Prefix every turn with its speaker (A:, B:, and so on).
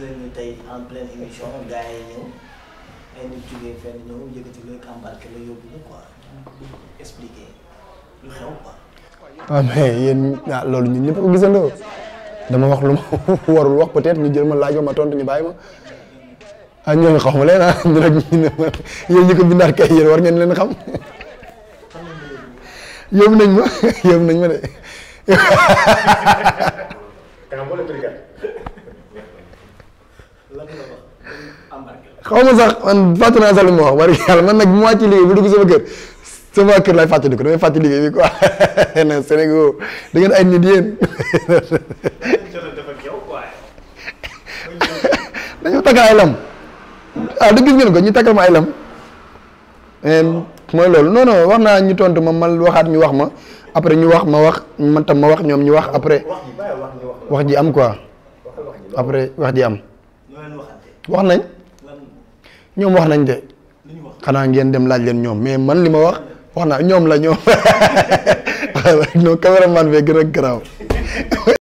A: nañu tey en pleine émission gars nit jógee fenn
B: ah, ah, ko gisandoo dama wax lu ma warul wax peut-être ñu jël ma laaj ma ma tontu ñu bàyyi ma
C: ah ñoo ngi xaw ma leen ah ñu rek ñu ne ma yéen ko bindaat kay yéen war ngeen leen xam yóbbu nañ ma yóbbu nañ ma de.
D: xaw
B: ma sax man fàttali naa sax li ma man nag mu wàcc liggéey bi dugg sama kër sama kër lay fàttali ko damay fàttali liggéey bi quoi na Sénégal da ngeen ay nit yéen. dañoo takkal ay lam ah du gis ngeen ko ñu takkal ma ay lam mooy loolu non non wax naa ñu tontu ma man waxaat ñu wax ma après ñu wax ma wax man tam ma wax ñoom ñu wax après wax ji am quoi après wax ji am. wax nañ ñoom wax nañ de xanaa ngeen dem laaj leen ñoom mais man li ma wax
A: wax naa ñoom la ñoom non cameraman bi gën a garaaw